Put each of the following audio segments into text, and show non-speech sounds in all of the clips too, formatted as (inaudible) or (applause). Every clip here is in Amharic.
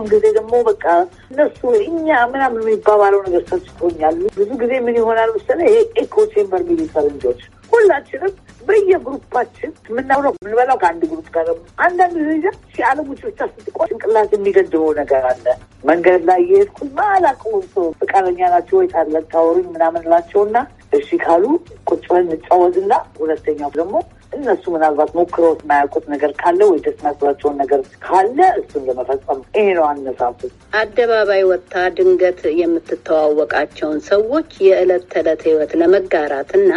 በሚያውቁን ጊዜ ደግሞ በቃ እነሱ እኛ ምናምን የሚባባለው ነገር ሰጭቶኛል። ብዙ ጊዜ ምን ይሆናል መሰለህ ይሄ ኤኮ ቼምበር የሚሉ ፈረንጆች ሁላችንም በየግሩፓችን የምናውለው የምንበላው ከአንድ ግሩፕ ጋር አንዳንድ ደረጃ ሲአለም ውጭ ብቻ ስትቆይ ጭንቅላት የሚገድበው ነገር አለ። መንገድ ላይ የሄድኩ ማላቀውን ሰው ፍቃደኛ ናቸው ወይ ታለን ታወሩኝ ምናምን እላቸውና እሺ ካሉ ቁጭ ብለን እንጫወትና ሁለተኛው ደግሞ እነሱ ምናልባት ሞክረውት የማያውቁት ነገር ካለ ወይ ደስ የሚያስብላቸውን ነገር ካለ እሱን ለመፈጸም ይሄ ነው አነሳሱ። አደባባይ ወጥታ ድንገት የምትተዋወቃቸውን ሰዎች የዕለት ተዕለት ህይወት ለመጋራት እና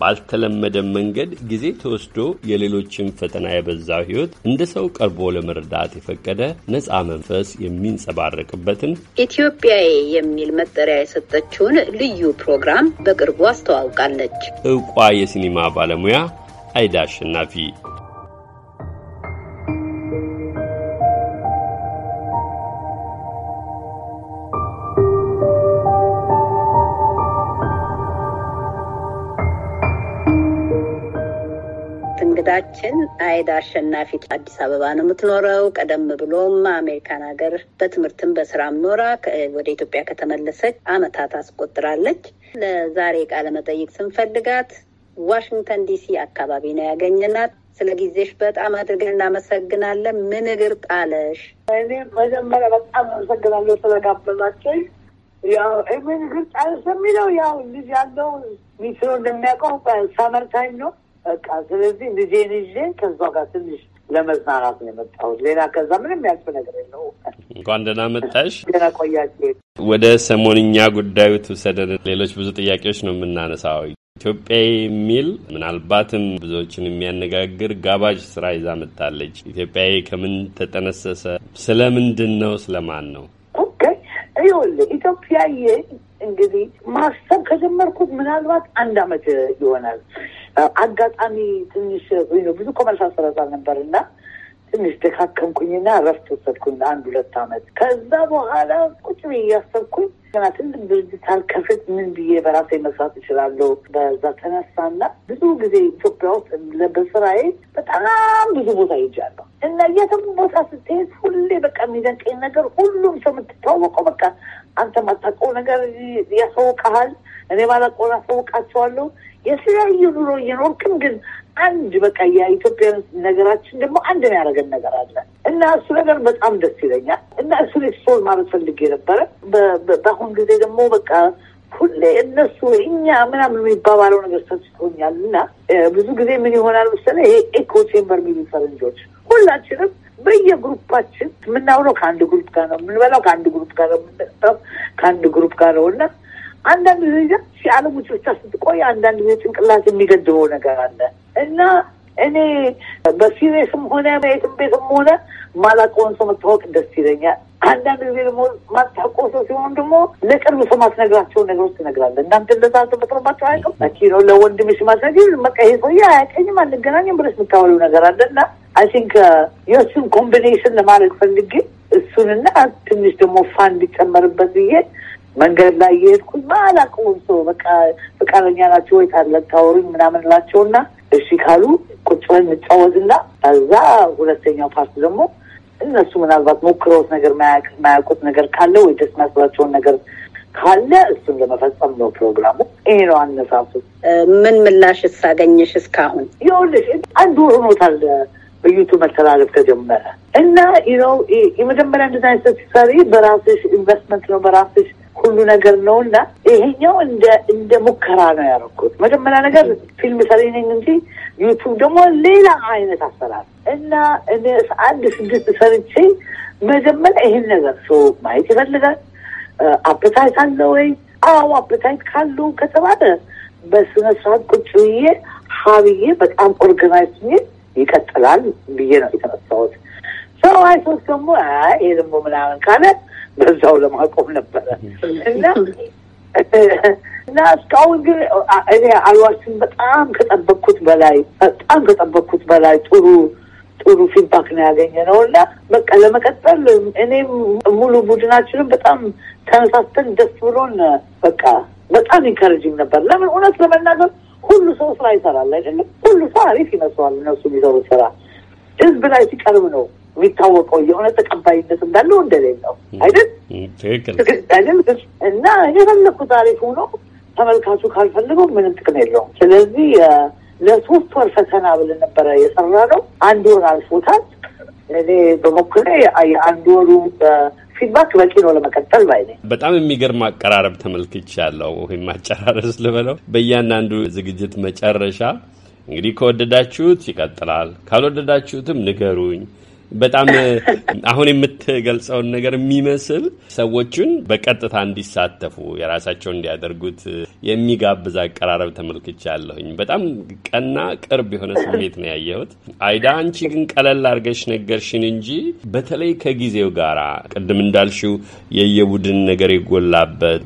ባልተለመደ መንገድ ጊዜ ተወስዶ የሌሎችን ፈተና የበዛው ህይወት እንደ ሰው ቀርቦ ለመርዳት የፈቀደ ነፃ መንፈስ የሚንጸባረቅበትን ኢትዮጵያ የሚል መጠሪያ የሰጠችውን ልዩ ፕሮግራም በቅርቡ አስተዋውቃለች። እውቋ የሲኒማ ባለሙያ አይዳ አሸናፊ እንግዳችን አይዳ አሸናፊ አዲስ አበባ ነው የምትኖረው። ቀደም ብሎም አሜሪካን ሀገር በትምህርትም በስራም ኖራ ወደ ኢትዮጵያ ከተመለሰች አመታት አስቆጥራለች። ለዛሬ ቃለ መጠይቅ ስንፈልጋት ዋሽንግተን ዲሲ አካባቢ ነው ያገኘናት። ስለ ጊዜሽ በጣም አድርገን እናመሰግናለን። ምን እግር ጣለሽ? እኔ መጀመሪያ በጣም አመሰግናለሁ ስለጋበዛችሁኝ። ያው ምን እግር ጣለሽ የሚለው ያው ልጅ ያለው ሚስሮ እንደሚያውቀው ሰመር ነው በቃ ስለዚህ ልጄን ይዤ ከዛ ጋር ትንሽ ለመዝናናት ነው የመጣሁት። ሌላ ከዛ ምንም ያልፍ ነገር የለው። እንኳን ደህና መጣሽ። ገና ቆያችሁ። ወደ ሰሞንኛ ጉዳዩ ትውሰደን። ሌሎች ብዙ ጥያቄዎች ነው የምናነሳው። ኢትዮጵያ የሚል ምናልባትም ብዙዎችን የሚያነጋግር ጋባዥ ስራ ይዛ መጥታለች። ኢትዮጵያ ከምን ተጠነሰሰ? ስለምንድን ነው? ስለማን ነው? ይኸውልህ ኢትዮጵያዬ እንግዲህ ማሰብ ከጀመርኩት ምናልባት አንድ አመት ይሆናል። አጋጣሚ ትንሽ ነው ብዙ ኮመርሻል ስረዛል ነበር እና ትንሽ ደካከምኩኝና ረፍት ወሰድኩኝ አንድ ሁለት አመት። ከዛ በኋላ ቁጭ ብዬ እያሰብኩኝ ገና ትልቅ ድርጅት አልከፍት ምን ብዬ በራሴ መስራት እችላለሁ። በዛ ተነሳና ብዙ ጊዜ ኢትዮጵያ ውስጥ በስራዬ በጣም ብዙ ቦታ ይጃለሁ። እና የትም ቦታ ስትሄድ ሁሌ በቃ የሚደንቀኝ ነገር ሁሉም ሰው የምትታወቀው በቃ አንተ ማታውቀው ነገር ያሳውቀሃል፣ እኔ ማላውቀውን አሳውቃቸዋለሁ። የተለያዩ ኑሮ እየኖርክም ግን አንድ በቃ የኢትዮጵያን ነገራችን ደግሞ አንድ ነው ያደረገን ነገር አለ እና እሱ ነገር በጣም ደስ ይለኛል እና እሱ ሶል ማለት ፈልጌ ነበረ። በአሁን ጊዜ ደግሞ በቃ ሁሌ እነሱ እኛ ምናምን የሚባባለው ነገር ሰጥቶኛል እና ብዙ ጊዜ ምን ይሆናል መሰለህ ይሄ ኤኮ ቼምበር የሚሉት ፈረንጆች ሁላችንም በየግሩፓችን የምናውለው ከአንድ ግሩፕ ጋር ነው፣ የምንበላው ከአንድ ግሩፕ ጋር ነው፣ የምንጠጣው ከአንድ ግሩፕ ጋር ነው እና አንዳንድ ጊዜ ሲአለም ውጭ ብቻ ስትቆይ አንዳንድ ጊዜ ጭንቅላት የሚገድበው ነገር አለ እና እኔ በሲሬስም ሆነ በየትም ቤትም ሆነ ማላቀውን ሰው መታወቅ ደስ ይለኛል። አንዳንድ ጊዜ ደግሞ ማታቆሶ ሲሆን ደግሞ ለቅርብ ሰው ማትነግራቸውን ነገሮች ትነግራለህ። እናንተ እንደዛ አልተፈጥሮባቸው አያውቅም መቼ ነው ለወንድምሽ ማስረግ በቃ ይሄ ሰውዬ አያውቀኝም አንገናኝም ብለሽ የምታወለው ነገር አለና አይ ቲንክ የእሱን ኮምቢኔሽን ለማድረግ ፈልጌ እሱንና ትንሽ ደግሞ ፋን እንዲጨመርበት ብዬ መንገድ ላይ የሄድኩኝ ማላውቀውም ሰው በቃ ፈቃደኛ ናቸው ወይ ታለ ታወሩኝ ምናምን ላቸውና እሺ ካሉ ቁጭ ብለን እንጫወትና እዛ ሁለተኛው ፓርት ደግሞ እነሱ ምናልባት ሞክረውት ነገር ማያውቁት ነገር ካለ ወይ ደስ የሚያስብላቸውን ነገር ካለ እሱን ለመፈጸም ነው ፕሮግራሙ። ይሄ ነው አነሳሱ። ምን ምላሽ ሳገኘሽ እስካሁን? ይኸውልሽ አንድ ወር ሆኖታል በዩቱብ መተላለፍ ከጀመረ እና ነው የመጀመሪያ እንደዚ አይነት ሰት ሲሰሪ በራስሽ ኢንቨስትመንት ነው በራስሽ ሁሉ ነገር ነው እና ይሄኛው እንደ ሙከራ ነው ያደረኩት። መጀመሪያ ነገር ፊልም ሰሪ ነኝ እንጂ ዩቱብ ደግሞ ሌላ አይነት አሰራር እና እኔ አንድ ስድስት ሰርቼ መጀመሪያ ይህን ነገር ሰው ማየት ይፈልጋል። አፕታይት አለ ወይ? አዎ አፕታይት ካለው ከተባለ በስነ ስርዓት ቁጭ ብዬ ሀብዬ በጣም ኦርጋናይዝ ብዬ ይቀጥላል ብዬ ነው የተነሳሁት። ሰው አይሶስ ደግሞ ይሄ ደግሞ ምናምን ካለ በዛው ለማቆም ነበረ እና እስካሁን ግን እኔ አሏችን በጣም ከጠበቅኩት በላይ በጣም ከጠበቅኩት በላይ ጥሩ ጥሩ ፊድባክ ነው ያገኘ ነው እና በቃ ለመቀጠል እኔም ሙሉ ቡድናችንም በጣም ተነሳስተን ደስ ብሎን በቃ በጣም ኢንካሬጂንግ ነበር። ለምን እውነት ለመናገር ሁሉ ሰው ስራ ይሰራል አይደለም። ሁሉ ሰው አሪፍ ይመስለዋል እነሱ የሚሰሩት ስራ ህዝብ ላይ ሲቀርብ ነው የሚታወቀው የሆነ ተቀባይነት እንዳለው እንደሌለው አይደል እና የፈለግኩ ታሪክ ሆኖ ተመልካቹ ካልፈለገው ምንም ጥቅም የለውም። ስለዚህ ለሶስት ወር ፈተና ብለን ነበረ የሰራ ነው። አንድ ወር አልፎታል። እኔ በበኩሌ የአንድ ወሩ ፊድባክ በቂ ነው ለመቀጠል ባይ በጣም የሚገርም አቀራረብ ተመልክቻለሁ፣ ወይም አጨራረስ ልበለው። በእያንዳንዱ ዝግጅት መጨረሻ እንግዲህ ከወደዳችሁት ይቀጥላል፣ ካልወደዳችሁትም ንገሩኝ በጣም (laughs) አሁን የምትገልጸውን ነገር የሚመስል ሰዎችን በቀጥታ እንዲሳተፉ የራሳቸውን እንዲያደርጉት የሚጋብዝ አቀራረብ ተመልክቻ ያለሁኝ። በጣም ቀና ቅርብ የሆነ ስሜት ነው ያየሁት። አይዳ አንቺ ግን ቀለል አድርገሽ ነገርሽን እንጂ በተለይ ከጊዜው ጋር ቅድም እንዳልሽው የየቡድን ነገር የጎላበት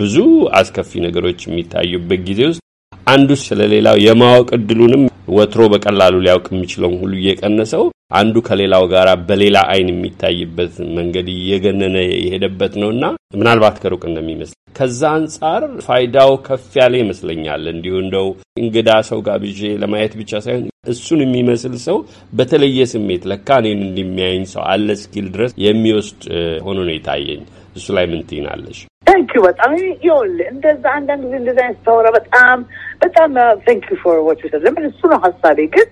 ብዙ አስከፊ ነገሮች የሚታዩበት ጊዜ ውስጥ አንዱ ስለሌላው የማወቅ እድሉንም ወትሮ በቀላሉ ሊያውቅ የሚችለውን ሁሉ እየቀነሰው አንዱ ከሌላው ጋር በሌላ አይን የሚታይበት መንገድ እየገነነ የሄደበት ነው እና ምናልባት ከሩቅ እንደሚመስል ከዛ አንጻር ፋይዳው ከፍ ያለ ይመስለኛል። እንዲሁ እንደው እንግዳ ሰው ጋብዤ ለማየት ብቻ ሳይሆን እሱን የሚመስል ሰው በተለየ ስሜት ለካ እኔን እንደሚያየኝ ሰው አለ እስኪል ድረስ የሚወስድ ሆኖ ነው የታየኝ። እሱ ላይ ምን ትይናለሽ? ታንኪዩ በጣም ይኸውልህ፣ እንደዛ አንዳንድ ጊዜ እንደዛ አይነት ስታወራ በጣም በጣም ታንኪዩ ፎር ዋች ሰ ለምን እሱ ነው ሀሳቤ። ግን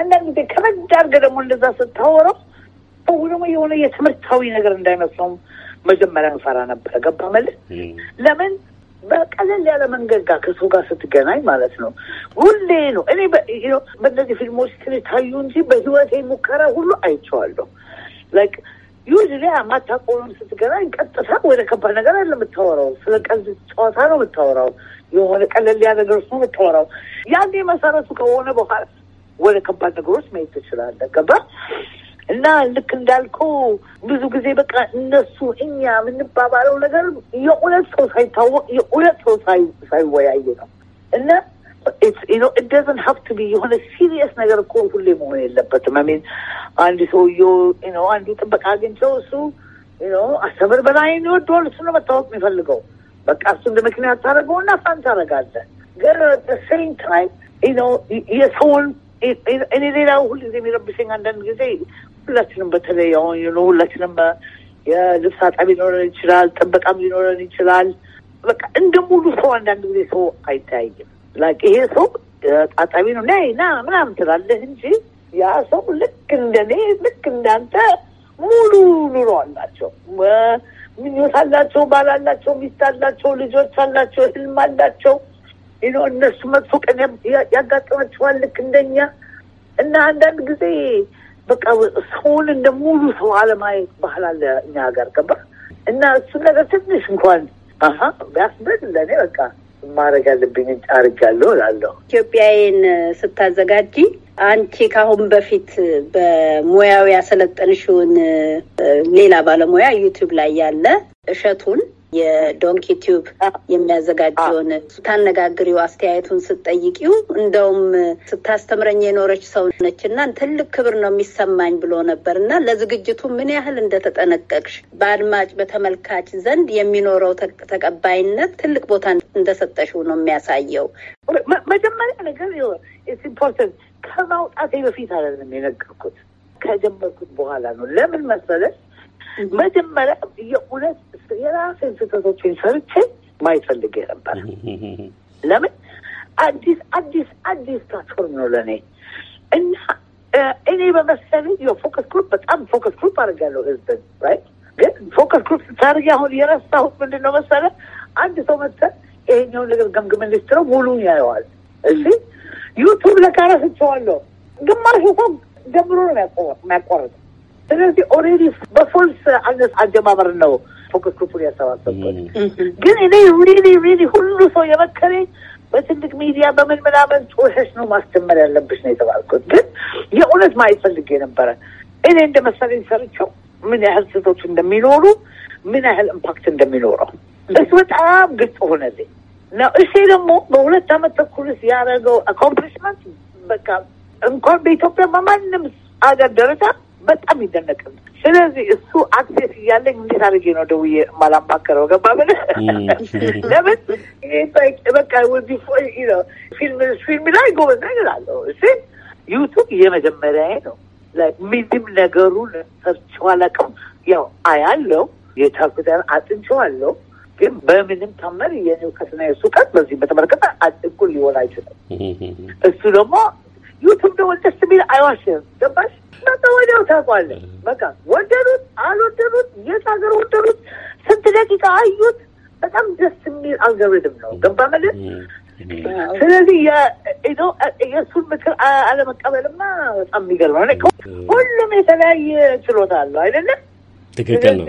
አንዳንድ ጊዜ ከበድ አድርገህ ደግሞ እንደዛ ስታወራው ሰው ደግሞ የሆነ የትምህርታዊ ነገር እንዳይመስለውም መጀመሪያ እንፈራ ነበረ። ገባ መልስ ለምን በቀለል ያለ መንገድ ጋር ከሰው ጋር ስትገናኝ ማለት ነው። ሁሌ ነው እኔ በእነዚህ ፊልሞች ትንሽ ታዩ እንጂ በህይወቴ ሙከራ ሁሉ አይቼዋለሁ ላይክ ዩዝሊ አማታ ስትገናኝ ቀጥታ ወደ ከባድ ነገር አለ የምታወራው። ስለ ቀልድ ጨዋታ ነው የምታወራው። የሆነ ቀለል ያ ነገር ነው የምታወራው። ያኔ መሰረቱ ከሆነ በኋላ ወደ ከባድ ነገሮች መሄድ ትችላለ። ገባ እና ልክ እንዳልከው ብዙ ጊዜ በቃ እነሱ እኛ የምንባባለው ነገር የሁለት ሰው ሳይታወቅ የሁለት ሰው ሳይወያየ ነው እና ኢትደዝን ሀብት ቢ የሆነ ሲሪየስ ነገር እኮ ሁሌ መሆን የለበትም። ሚን አንድ ሰውዬው አንዱ ጥበቃ አግኝተው እሱ አስተምር በላይ የሚወደዋል እሱ ነው መታወቅ የሚፈልገው። በቃ እሱ እንደ ምክንያት ታደረገውና ፋን ታደረጋለህ። ግን ሴም ታይም የሰውን እኔ ሌላ ሁል ጊዜ የሚረብሸኝ አንዳንድ ጊዜ ሁላችንም በተለይ አሁን ሁላችንም የልብስ አጣቢ ሊኖረን ይችላል፣ ጥበቃም ሊኖረን ይችላል። በቃ እንደ ሙሉ ሰው አንዳንድ ጊዜ ሰው አይተያይም። ላቅ ይሄ ሰው ጣጣቢ ነው ና ና ምናምን ትላለህ እንጂ ያ ሰው ልክ እንደኔ ልክ እንዳንተ ሙሉ ኑሮ አላቸው፣ ምኞት አላቸው፣ ባል አላቸው፣ ሚስት አላቸው፣ ልጆች አላቸው፣ ህልም አላቸው። ይኖ እነሱ መጥፎ ቀን ያጋጠመችዋል ልክ እንደኛ እና አንዳንድ ጊዜ በቃ ሰውን እንደ ሙሉ ሰው አለማየት ባህል አለ እኛ ሀገር ገባ እና እሱ ነገር ትንሽ እንኳን ቢያስብል ለእኔ በቃ ማድረግ አለብኝ አድርጋለሁ እላለሁ። ኢትዮጵያዬን ስታዘጋጂ አንቺ ከአሁን በፊት በሙያው ያሰለጠንሽውን ሌላ ባለሙያ ዩቱብ ላይ ያለ እሸቱን የዶንኪ ቲዩብ የሚያዘጋጀውን ስታነጋግሪው አስተያየቱን ስትጠይቂው እንደውም ስታስተምረኝ የኖረች ሰው ነችና ትልቅ ክብር ነው የሚሰማኝ ብሎ ነበር እና ለዝግጅቱ ምን ያህል እንደተጠነቀቅሽ በአድማጭ በተመልካች ዘንድ የሚኖረው ተቀባይነት ትልቅ ቦታ እንደሰጠሽው ነው የሚያሳየው። መጀመሪያ ነገር ኢምፖርተንት ከማውጣቴ በፊት አይደለም የነገርኩት ከጀመርኩት በኋላ ነው። ለምን መሰለሽ መጀመሪያ የእውነት የራሴን ስህተቶችን ሰርቼ ማይፈልግ ነበር። ለምን አዲስ አዲስ አዲስ ፕላትፎርም ነው ለእኔ እና እኔ በመሰል የፎከስ ግሩፕ በጣም ፎከስ ግሩፕ አድርጋለሁ ህዝብን ራይት ግን ፎከስ ግሩፕ ስታደርጊ አሁን የረሳሁት ምንድን ነው አንድ ሰው መተ ይሄኛውን ነገር ገምግመን ልስትለው ሙሉን ያየዋል። እዚ ዩቱብ ለካረስቸዋለሁ ስትሰዋለሁ ግማሹ ሰው ደምሮ ነው የሚያቋርጥ ስለዚህ ኦልሬዲ በፎልስ አነስ አጀማመር ነው ፉክክቱን ያሰባሰብበት። ግን እኔ ሪሊ ሪሊ ሁሉ ሰው የመከረኝ በትልቅ ሚዲያ በምን ምናምን ጩኸሽ ነው ማስጀመር ያለብሽ ነው የተባልኩት። ግን የእውነት ማየት ፈልጌ ነበረ። እኔ እንደ መሰለኝ ሰርቸው ምን ያህል ስህተቶች እንደሚኖሩ ምን ያህል ኢምፓክት እንደሚኖረው እሱ በጣም ግልጽ ሆነልኝ። እሴ ደግሞ በሁለት አመት ተኩል ያደረገው አኮምፕሊሽመንት በቃ እንኳን በኢትዮጵያ በማንም አገር ደረጃ በጣም ይደነቅም። ስለዚህ እሱ አክሴስ እያለኝ እንዴት አድርጌ ነው ደውዬ የማላማከረው? ገባ ምን (laughs) ለምን በቃ ፊልም ላይ ጎበዝ ነገር አለው እ ዩቱብ የመጀመሪያ ነው። ምንም ነገሩን ሰርቼዋለቅም። ያው አያለው የቻልኩትን አጥንቼዋለሁ። ግን በምንም ተመር የኒውከትና የሱ ቀን በዚህ በተመለከተ እኩል ሊሆን አይችልም። እሱ ደግሞ ዩቱብ ደግሞ ደስ የሚል አይዋሽም። ገባሽ? በቃ ወዲያው ታውቋለህ። በቃ ወደዱት አልወደዱት፣ የት ሀገር ወደዱት፣ ስንት ደቂቃ አዩት። በጣም ደስ የሚል አልጎሪትም ነው። ገባ መለን ስለዚህ የእሱን ምክር አለመቀበልማ በጣም የሚገርም ነው። ሁሉም የተለያየ ችሎታ አለው አይደለም? ትክክል ነው።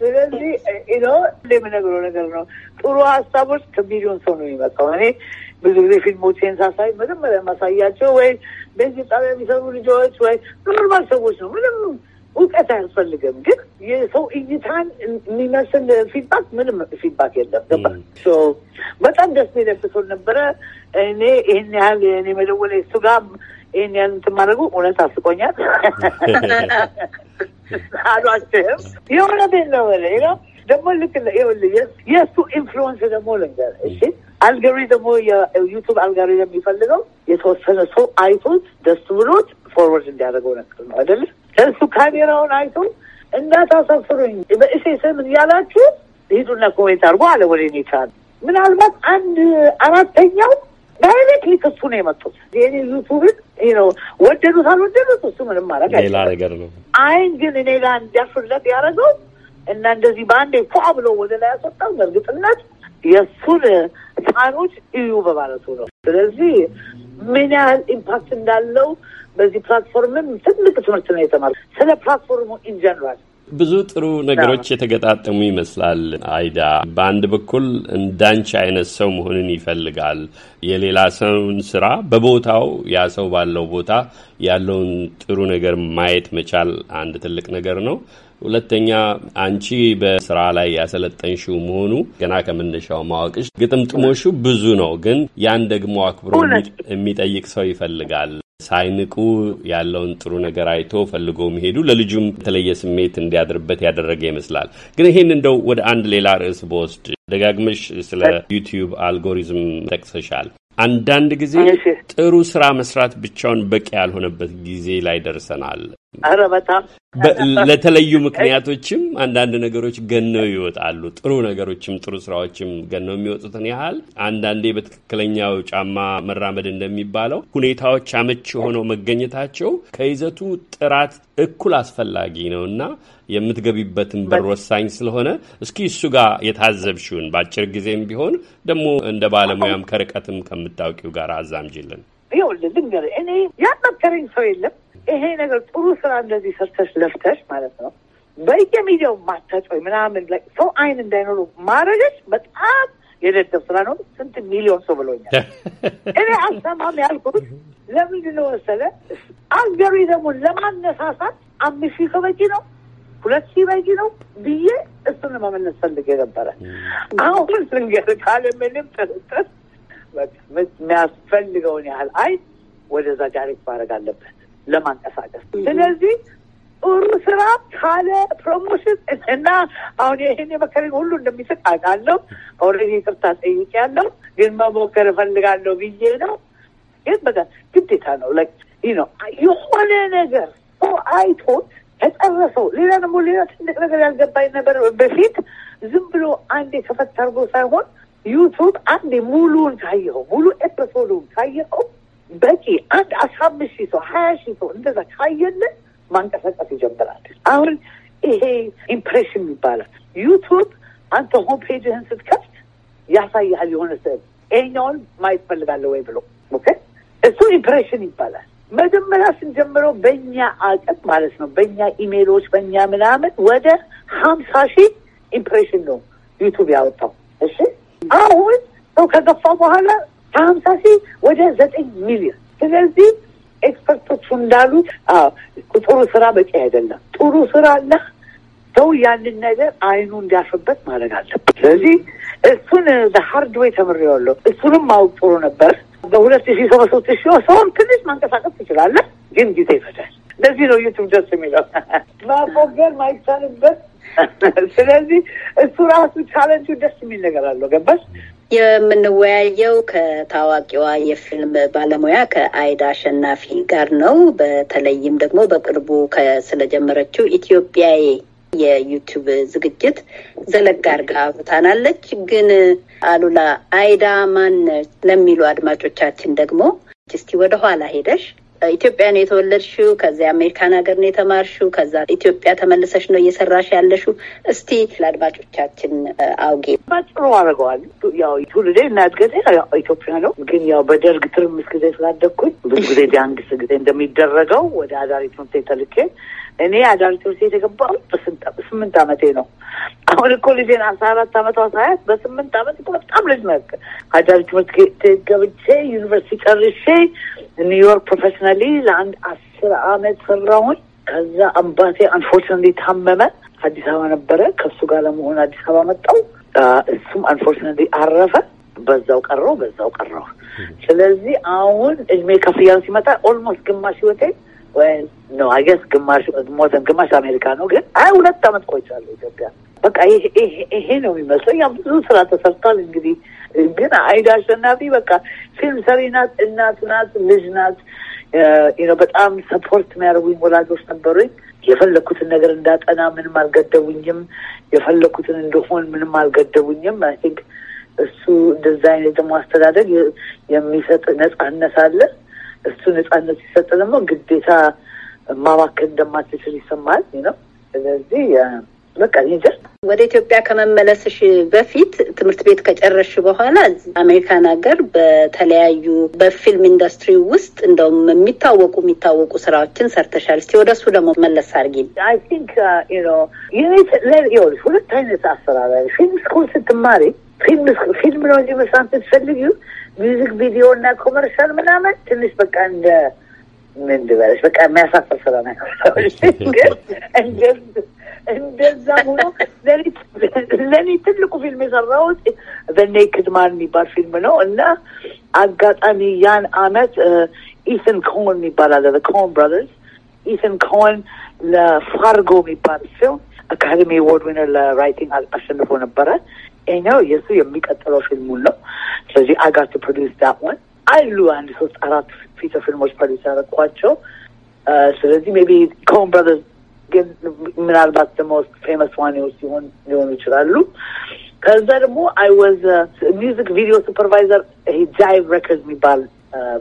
ስለዚህ ነው የምነግረው ነገር ነው። ጥሩ ሀሳቦች ከሚሊዮን ሰው ነው የሚመጣው። እኔ ብዙ ጊዜ ፊልሞቼን ሳሳይ መጀመሪያ ማሳያቸው ወይ በዚህ ጣቢያ የሚሰሩ ልጆች ወይ ኖርማል ሰዎች ነው። ምንም እውቀት አያስፈልግም። ግን የሰው እይታን የሚመስል ፊድባክ ምንም ፊድባክ የለም። በጣም ደስ የለብሰው ነበረ። እኔ ይህን ያህል እኔ መደወል እሱ ጋር ይህን ያህል እንትን ማድረጉ እውነት አስቆኛል። (laughs) አሏቸውም የእውነቴን ነው በለኝ ደግሞ ልክ የእሱ ኢንፍሉወንስ ደግሞ እሺ የዩቱብ የሚፈልገው የተወሰነ ሰው አይቶት ደስ ብሎት ፎርወርድ እንዲያደርገው ነው ካሜራውን አይቶ እንዳታሳፍሩኝ በእሴ ስም እያላችሁ ሂዱና ኮሜንት አድርጎ አለ ወደ እኔ ምናልባት አንድ አራተኛው ዳይሬክትሊ ክሱ ነው የመጡት። የኔ ዩቱብን ነው ወደዱት አልወደዱት እሱ ምንም ማድረግ ሌላ ነገር ነው። አይን ግን እኔ ጋር እንዲያፍርለት ያደረገው እና እንደዚህ በአንዴ ብሎ ወደ ላይ ያስወጣው በእርግጥነት የእሱን ፋኖች እዩ በማለቱ ነው። ስለዚህ ምን ያህል ኢምፓክት እንዳለው በዚህ ፕላትፎርምም ትልቅ ትምህርት ነው የተማርኩት ስለ ፕላትፎርሙ ኢንጀነራል ብዙ ጥሩ ነገሮች የተገጣጠሙ ይመስላል። አይዳ በአንድ በኩል እንዳንቺ አይነት ሰው መሆንን ይፈልጋል። የሌላ ሰውን ስራ በቦታው ያ ሰው ባለው ቦታ ያለውን ጥሩ ነገር ማየት መቻል አንድ ትልቅ ነገር ነው። ሁለተኛ አንቺ በስራ ላይ ያሰለጠንሽው መሆኑ ገና ከመነሻው ማወቅሽ፣ ግጥምጥሞሹ ብዙ ነው፣ ግን ያን ደግሞ አክብሮ የሚጠይቅ ሰው ይፈልጋል። ሳይንቁ ያለውን ጥሩ ነገር አይቶ ፈልጎ መሄዱ ለልጁም የተለየ ስሜት እንዲያድርበት ያደረገ ይመስላል። ግን ይሄን እንደው ወደ አንድ ሌላ ርዕስ በወስድ ደጋግመሽ ስለ ዩቲዩብ አልጎሪዝም ጠቅሰሻል። አንዳንድ ጊዜ ጥሩ ስራ መስራት ብቻውን በቂ ያልሆነበት ጊዜ ላይ ደርሰናል። አረ በጣም ለተለዩ ምክንያቶችም አንዳንድ ነገሮች ገነው ይወጣሉ። ጥሩ ነገሮችም ጥሩ ስራዎችም ገነው የሚወጡትን ያህል አንዳንዴ በትክክለኛው ጫማ መራመድ እንደሚባለው ሁኔታዎች አመች ሆነው መገኘታቸው ከይዘቱ ጥራት እኩል አስፈላጊ ነው እና የምትገቢበትን በር ወሳኝ ስለሆነ እስኪ እሱ ጋር የታዘብሽውን በአጭር ጊዜም ቢሆን ደግሞ እንደ ባለሙያም ከርቀትም ከምታውቂው ጋር አዛምጅልን። ይኸውልህ ልንገርህ፣ እኔ ያናገረኝ ሰው የለም ይሄ ነገር ጥሩ ስራ እንደዚህ ሰርተሽ ለፍተሽ ማለት ነው በየሚዲያው ማታጭ ወይ ምናምን ሰው አይን እንዳይኖሩ ማድረገች በጣም የደደብ ስራ ነው። ስንት ሚሊዮን ሰው ብሎኛል። (laughs) እኔ አልሰማም ያልኩት ለምንድን ነው መሰለ? አገሪ ደግሞ ለማነሳሳት አምስት ሺህ ሰው በቂ ነው፣ ሁለት ሺህ በቂ ነው ብዬ እሱን መመለስ ፈልጌ ነበረ። አሁን ስንገር ካለ ምንም ጥርጥር የሚያስፈልገውን ያህል አይን ወደዛ ዳይሬክት ማድረግ አለብን። ለማንቀሳቀስ። ስለዚህ ጥሩ ስራ ካለ ፕሮሞሽን እና አሁን ይህን የመከረኝ ሁሉ እንደሚስቅ አውቃለሁ። ኦልሬዲ ይቅርታ ጠይቄያለሁ፣ ግን መሞከር እፈልጋለሁ ብዬ ነው። ግን በቃ ግዴታ ነው ነው የሆነ ነገር አይቶት ተጠረሰው። ሌላ ደግሞ ሌላ ትልቅ ነገር ያልገባኝ ነበር በፊት ዝም ብሎ አንዴ ከፈት አድርጎ ሳይሆን ዩቱብ አንዴ ሙሉውን ካየኸው ሙሉ ኤፒሶዱን ካየኸው በቂ አንድ አስራ አምስት ሺህ ሰው ሀያ ሺህ ሰው እንደዛ ካየለ ማንቀሳቀስ ይጀምራል። አሁን ይሄ ኢምፕሬሽን ይባላል። ዩቱብ አንተ ሆም ፔጅህን ስትከፍት ያሳያል የሆነ ስዕል፣ ይሄኛውን ማየት ፈልጋለሁ ወይ ብሎ እሱ ኢምፕሬሽን ይባላል። መጀመሪያ ስንጀምረው በእኛ አቅም ማለት ነው በእኛ ኢሜሎች፣ በእኛ ምናምን ወደ ሀምሳ ሺህ ኢምፕሬሽን ነው ዩቱብ ያወጣው። እሺ አሁን ሰው ከገፋ በኋላ ከሀምሳ ሺህ ወደ ዘጠኝ ሚሊዮን ስለዚህ ኤክስፐርቶቹ እንዳሉት ጥሩ ስራ በቂ አይደለም። ጥሩ ስራ አለ ሰው ያንን ነገር አይኑ እንዲያርፍበት ማድረግ አለበት። ስለዚህ እሱን ሀርድ ወይ ተምሬዋለሁ። እሱንም ማወቅ ጥሩ ነበር። በሁለት ሺ ሰው በሶስት ሺህ ሰውን ትንሽ ማንቀሳቀስ ትችላለህ፣ ግን ጊዜ ይፈጃል። እንደዚህ ነው ዩቱብ ደስ የሚለው ማፎገር ማይቻልበት። ስለዚህ እሱ ራሱ ቻለንጁ ደስ የሚል ነገር አለው። ገባሽ? የምንወያየው ከታዋቂዋ የፊልም ባለሙያ ከአይዳ አሸናፊ ጋር ነው። በተለይም ደግሞ በቅርቡ ስለጀመረችው ኢትዮጵያዊ የዩቲዩብ ዝግጅት ዘለግ አርጋ አውርታናለች። ግን አሉላ አይዳ ማን ለሚሉ አድማጮቻችን ደግሞ እስቲ ወደኋላ ሄደሽ ኢትዮጵያ ነው የተወለድሽው፣ ከዚያ አሜሪካን ሀገር ነው የተማርሽው፣ ከዛ ኢትዮጵያ ተመልሰሽ ነው እየሰራሽ ያለሽው። እስቲ ለአድማጮቻችን አውጌ ጥሩ አድርገዋል። ያው ትውልዴ እና እድገቴ ኢትዮጵያ ነው፣ ግን ያው በደርግ ትርምስ ጊዜ ስላደግኩኝ ብዙ ጊዜ ቢያንግስ ጊዜ እንደሚደረገው ወደ አዳሪ ትምህርት ተልኬ እኔ አዳሪ ትምህርት ቤት የገባው ስምንት አመቴ ነው። አሁን እኮ ልጄን አስራ አራት አመቷ ሳያት በስምንት አመት እኮ በጣም ልጅ ነክ አዳሪ ትምህርት ቤት ገብቼ ዩኒቨርሲቲ ጨርሼ ኒውዮርክ ፕሮፌሽናሊ ለአንድ አስር አመት ሰራሁኝ። ከዛ አባቴ አንፎርችነትሊ ታመመ። አዲስ አበባ ነበረ። ከሱ ጋር ለመሆን አዲስ አበባ መጣው። እሱም አንፎርችነትሊ አረፈ። በዛው ቀረው በዛው ቀረው። ስለዚህ አሁን እድሜ ከፍ እያለ ሲመጣ ኦልሞስት ግማሽ ህይወቴ ወይ ነው አይ ግማሽ ሞተን ግማሽ አሜሪካ ነው። ግን አይ ሁለት አመት ቆይቻለሁ ኢትዮጵያ። በቃ ይሄ ነው የሚመስለኝ። ብዙ ስራ ተሰርቷል። እንግዲህ ግን አይዳ አሸናፊ በቃ ፊልም ሰሪ ናት፣ እናት ናት፣ ልጅ ናት። ነው በጣም ሰፖርት የሚያደርጉኝ ወላጆች ነበሩኝ። የፈለግኩትን ነገር እንዳጠና ምንም አልገደቡኝም። የፈለግኩትን እንደሆን ምንም አልገደቡኝም። አይ ቲንክ እሱ እንደዛ አይነት ደግሞ አስተዳደግ የሚሰጥ ነጻነት አለ። እሱ ነጻነት ሲሰጥ ደግሞ ግዴታ ማማከል እንደማትችል ይሰማል ነው። ስለዚህ በቃ ወደ ኢትዮጵያ ከመመለስሽ በፊት ትምህርት ቤት ከጨረስሽ በኋላ አሜሪካን ሀገር በተለያዩ በፊልም ኢንዱስትሪ ውስጥ እንደውም የሚታወቁ የሚታወቁ ስራዎችን ሰርተሻል። እስኪ ወደ እሱ ደግሞ መለስ አድርጊ። አይ ቲንክ uh, ሁለት አይነት አሰራር ፊልም ስኩል ስትማሪ ፊልም ነው እንጂ መስራት ስትፈልጊው ሚዚክ ቪዲዮ እና ኮመርሻል ምናምን ትንሽ በቃ እንደ ምን ልበለሽ በቃ የሚያሳፍር ስራ ነው። እንደዛ ሆኖ ለእኔ ትልቁ ፊልም የሰራሁት በኔክድ ማን የሚባል ፊልም ነው እና አጋጣሚ ያን አመት ኢትን ኮን የሚባል አለ ኮን ብራዘርስ ኢትን ኮን ለፋርጎ የሚባል ፊልም አካደሚ አዋርድ ዊነር ለራይቲንግ አሸንፎ ነበረ። ዘጠነኛው የእሱ የሚቀጥለው ፊልሙን ነው። ስለዚህ አጋቱ ፕሮዲስ ዳሆን አሉ አንድ ሶስት አራት ፊቸር ፊልሞች ፕሮዲስ ያደረግኳቸው። ስለዚህ ሜቢ ኮን ብረዘርስ ግን ምናልባት ደግሞ ፌመስ ዋን ሲሆን ሊሆኑ ይችላሉ። ከዛ ደግሞ አይ ወዝ ሚውዚክ ቪዲዮ ሱፐርቫይዘር ይሄ ጃይቭ ሬከርድ የሚባል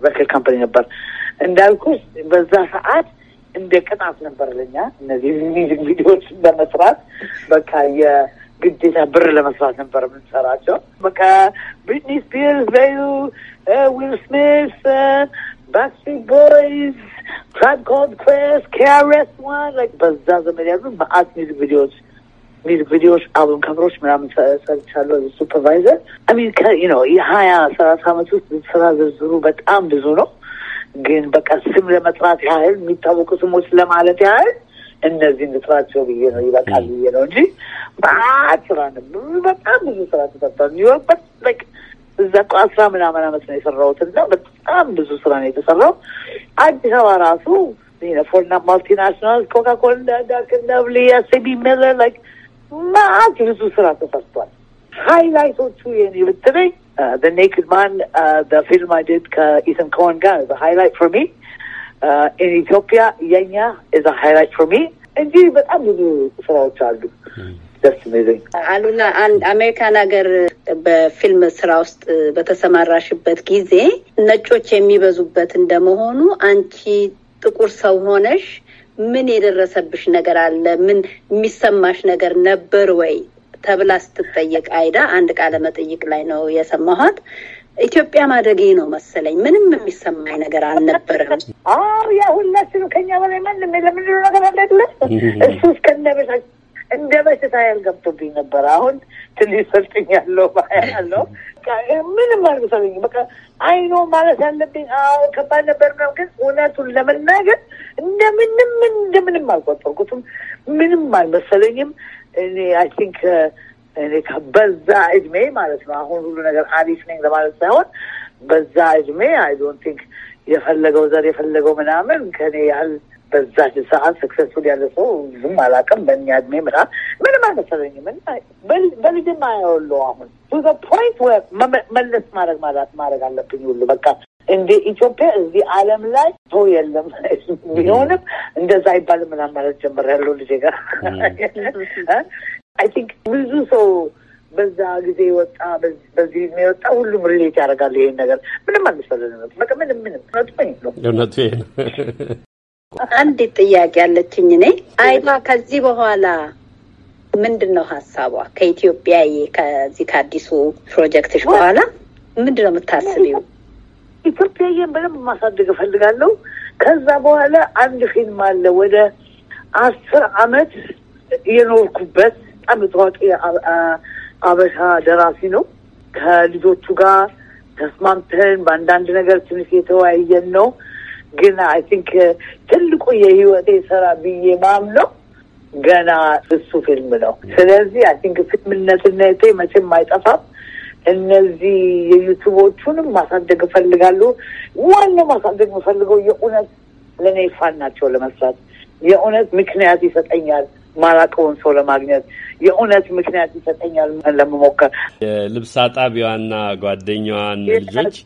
ሬከርድ ካምፓኒ ነበር። እንዳልኩ በዛ ሰዓት እንደ ቅጣት ነበር ለኛ እነዚህ ሚውዚክ (laughs) ቪዲዮዎች በመስራት በቃ ግዴታ ብር ለመስራት ነበር የምንሰራቸው። ከብሪትኒ ስፒርስ በዩ፣ ዊል ስሚስ ባክሲ ቦይዝ፣ ትራይብ ኮልድ ፕሬስ፣ ኬርስ ዋን በዛ ዘመን ያሉ በአት ሚዚክ ቪዲዮዎች ሚዚክ ቪዲዮዎች አብሮን ከብሮች ምናምን ሰርቻለሁ። ሱፐርቫይዘር አሚን ነው። የሀያ ሰላሳ አመት ውስጥ ስራ ዝርዝሩ በጣም ብዙ ነው። ግን በቃ ስም ለመጥራት ያህል የሚታወቁ ስሞች ለማለት ያህል እነዚህ እንድትራቸው ብዬ ነው ይበቃል ብዬ ነው እንጂ በጣም ስራ ነበር። በጣም ብዙ ስራ ተሰርቷል። ኒውዮርክ በቅ እዛ እኮ አስራ ምናምን አመት ነው የሰራሁት እና በጣም ብዙ ስራ ነው የተሰራው። አዲስ አበባ ራሱ ፎርና ማልቲናሽናል ኮካኮላ፣ ዳክናብሊ፣ ሴቢ ሚለር ላይ ማት ብዙ ስራ ተሰርቷል። ሃይላይቶቹ የኔ ብትለኝ ኔክድ ማን በፊልም አይደት ከኢትን ኮን ጋር ሃይላይት ፎር ሚ ኢትዮጵያ የኛ ኢዝ ሃይላይት ፎር ሚ እንጂ በጣም ብዙ ስራዎች አሉ። ደስ hmm. የሚለኝ አሉና አሜሪካን ሀገር በፊልም ስራ ውስጥ በተሰማራሽበት ጊዜ ነጮች የሚበዙበት እንደመሆኑ አንቺ ጥቁር ሰው ሆነሽ ምን የደረሰብሽ ነገር አለ? ምን የሚሰማሽ ነገር ነበር ወይ ተብላ ስትጠየቅ አይዳ አንድ ቃለ መጠይቅ ላይ ነው የሰማኋት። ኢትዮጵያ ማደጌ ነው መሰለኝ። ምንም የሚሰማኝ ነገር አልነበረም። አዎ ያ ሁላችንም ከኛ በላይ ማንም ለምንድነው ነገር አለለ (laughs) እሱ እስከነበሻ እንደ በሽታ ያልገብቶብኝ ነበር። አሁን ትንሽ ሰልጥኝ ያለው ያለው ምንም አልመሰለኝ። በቃ አይኖ ማለት ያለብኝ ከባድ ነበር ነው፣ ግን እውነቱን ለመናገር እንደምንም እንደምንም አልቆጠርኩትም። ምንም አልመሰለኝም እኔ አይ ቲንክ በዛ እድሜ ማለት ነው። አሁን ሁሉ ነገር አሪፍ ነኝ ለማለት ሳይሆን በዛ እድሜ አይ ዶንት ቲንክ የፈለገው ዘር የፈለገው ምናምን ከኔ ያህል በዛ ሰዓት ስክሰስፉል ያለ ሰው ብዙም አላውቅም። በእኛ እድሜ ምና ምንም አልመሰለኝም። በልጅም አያወለው አሁን ቱ ዘ ፖይንት መለስ ማድረግ ማለት ማድረግ አለብኝ ሁሉ በቃ እንደ ኢትዮጵያ እዚህ ዓለም ላይ ሰው የለም (laughs) ቢሆንም እንደዛ አይባልም ምናምን ማለት ጀምር ያለው ልጄ ጋር አይ ቲንክ ብዙ ሰው በዛ ጊዜ ወጣ፣ በዚህ እድሜ ወጣ። ሁሉም ሪሌት ያደርጋል ይሄን ነገር። ምንም አልመሰለንም። በቃ ምንም ምንም እውነቱ ነው። አንድ ጥያቄ አለችኝ እኔ አይቷ ከዚህ በኋላ ምንድን ነው ሀሳቧ? ከኢትዮጵያ ከዚህ ከአዲሱ ፕሮጀክትሽ በኋላ ምንድን ነው የምታስቢው? ኢትዮጵያዬን በደንብ ማሳደግ እፈልጋለሁ። ከዛ በኋላ አንድ ፊልም አለ ወደ አስር አመት የኖርኩበት በጣም የታዋቂ አበሻ ደራሲ ነው። ከልጆቹ ጋር ተስማምተን በአንዳንድ ነገር ትንሽ የተወያየን ነው። ግን አይ ቲንክ ትልቁ የህይወቴ ስራ ብዬ ማምነው ገና እሱ ፊልም ነው። ስለዚህ አይ ቲንክ ፊልምነትነቴ መቼም አይጠፋም። እነዚህ የዩቱቦቹንም ማሳደግ እፈልጋለሁ። ዋናው ማሳደግ የምፈልገው የእውነት ለእኔ ፋን ናቸው ለመስራት የእውነት ምክንያት ይሰጠኛል ማላቀውን ሰው ለማግኘት የእውነት ምክንያት ይሰጠኛል ለመሞከር የልብስ አጣቢዋና ጓደኛዋን ልጆች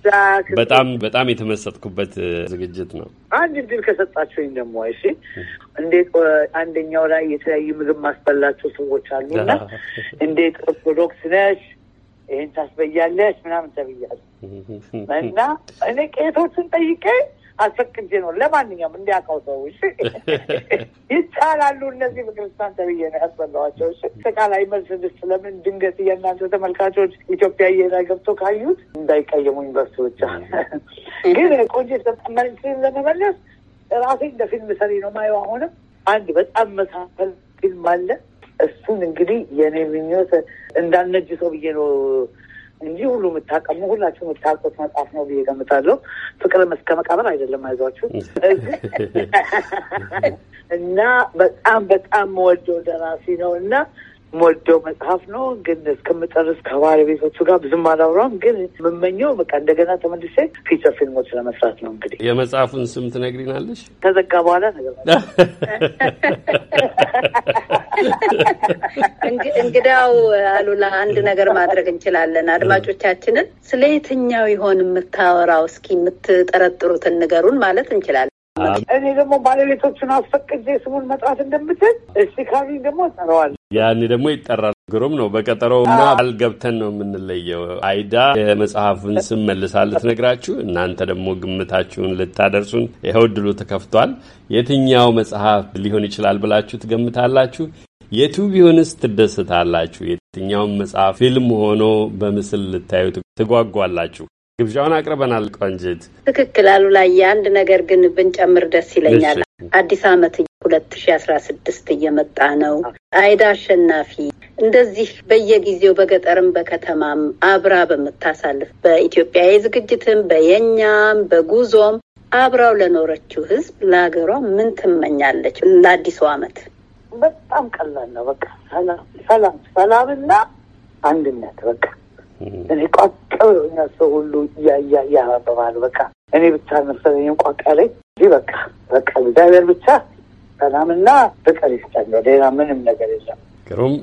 በጣም በጣም የተመሰጥኩበት ዝግጅት ነው። አንድ እድል ከሰጣቸውኝ ደግሞ እሺ፣ እንዴት አንደኛው ላይ የተለያዩ ምግብ ማስበላቸው ሰዎች አሉና እንዴት ኦርቶዶክስ ነሽ ይህን ታስበያለሽ ምናምን ተብያለሁ እና እኔ ቄቶችን ጠይቄ አስፈቅጄ ነው። ለማንኛውም እንዲያውቀው ሰው እሺ፣ (laughs) ይቻላሉ እነዚህ በክርስቲያን ተብዬ ነው ያስበላዋቸው። እሺ፣ አጠቃላይ መልስ ስለምን ድንገት የእናንተ ተመልካቾች ኢትዮጵያ እየሄዳ ገብቶ ካዩት እንዳይቀየሙኝ በሱ ብቻ ግን ቆንጆ መልስን ለመመለስ ራሴ እንደ ፊልም ሰሪ ነው ማየው። አሁንም አንድ በጣም መሳፈል ፊልም አለ። እሱን እንግዲህ የኔ ምኞት እንዳነጅ ሰው ብዬ ነው እንጂ ሁሉ የምታቀሙ ሁላችሁ የምታውቁት መጽሐፍ ነው ብዬ ገምታለሁ። ፍቅር እስከ መቃብር አይደለም አይዟችሁ። እና በጣም በጣም መወደው ደራሲ ነው እና የምወደው መጽሐፍ ነው፣ ግን እስከምጨርስ ከባለቤቶቹ ጋር ብዙም አላውራም። ግን የምመኘው በቃ እንደገና ተመልሴ ፊቸር ፊልሞች ለመስራት ነው። እንግዲህ የመጽሐፉን ስም ትነግሪናለሽ? ከዘጋ በኋላ ነገር (laughs) እንግዳው አሉላ አንድ ነገር ማድረግ እንችላለን። አድማጮቻችንን ስለ የትኛው ይሆን የምታወራው እስኪ የምትጠረጥሩትን ንገሩን ማለት እንችላለን። እኔ ደግሞ ባለቤቶቹን አስፈቅጄ ስሙን መጥራት እንደምትል እስቲ ካሉኝ ደግሞ ጠረዋል። ያኔ ደግሞ ይጠራል። ግሩም ነው። በቀጠሮውማ አልገብተን ነው የምንለየው። አይዳ የመጽሐፉን ስም መልሳ ልትነግራችሁ፣ እናንተ ደግሞ ግምታችሁን ልታደርሱን ይኸው ተከፍቷል። የትኛው መጽሐፍ ሊሆን ይችላል ብላችሁ ትገምታላችሁ? የቱ ቢሆንስ ትደስታላችሁ? የትኛውን መጽሐፍ ፊልም ሆኖ በምስል ልታዩ ትጓጓላችሁ? ግብዣውን አቅርበናል። ቆንጅት ትክክል አሉ ላይ የአንድ ነገር ግን ብንጨምር ደስ ይለኛል። አዲስ ዓመት ሁለት ሺ አስራ ስድስት እየመጣ ነው። አይዳ አሸናፊ እንደዚህ በየጊዜው በገጠርም በከተማም አብራ በምታሳልፍ በኢትዮጵያ ዝግጅትም በየኛም በጉዞም አብራው ለኖረችው ህዝብ ለሀገሯ ምን ትመኛለች? ለአዲሱ ዓመት በጣም ቀላል ነው። በቃ ሰላም ሰላም ሰላምና አንድነት በቃ እኔ ቋቅ እና ሰው ሁሉ እያያ እያባባሉ በቃ እኔ ብቻ መሰለኝም ቋቃ ላይ እዚ በቃ በቃ እግዚአብሔር ብቻ ሰላምና ፍቅር ይስጠን፣ ሌላ ምንም ነገር የለም። ግሩም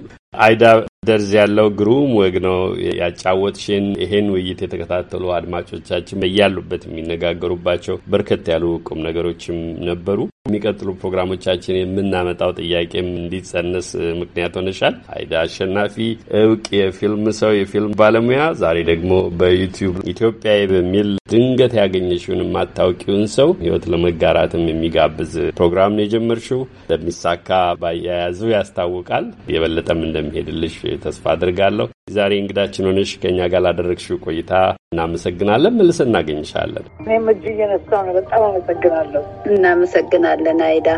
አይዳ ደርዝ ያለው ግሩም ወግ ነው ያጫወትሽን። ይሄን ውይይት የተከታተሉ አድማጮቻችን በያሉበት የሚነጋገሩባቸው በርከት ያሉ ቁም ነገሮችም ነበሩ። የሚቀጥሉ ፕሮግራሞቻችን የምናመጣው ጥያቄም እንዲጸነስ ምክንያት ሆነሻል። አይዳ አሸናፊ እውቅ የፊልም ሰው፣ የፊልም ባለሙያ፣ ዛሬ ደግሞ በዩቲዩብ ኢትዮጵያ በሚል ድንገት ያገኘሽውን የማታውቂውን ሰው ህይወት ለመጋራትም የሚጋብዝ ፕሮግራም ነው የጀመርሽው። እንደሚሳካ ባያያዙ ያስታውቃል። የበለጠም እንደሚሄድልሽ ተስፋ አድርጋለሁ። ዛሬ እንግዳችን ሆነሽ ከኛ ጋር ላደረግሽው ቆይታ እናመሰግናለን። መልስ እናገኝሻለን። እኔም እጅ እየነሳሁ ነው። በጣም አመሰግናለሁ። እናመሰግናለን አይዳ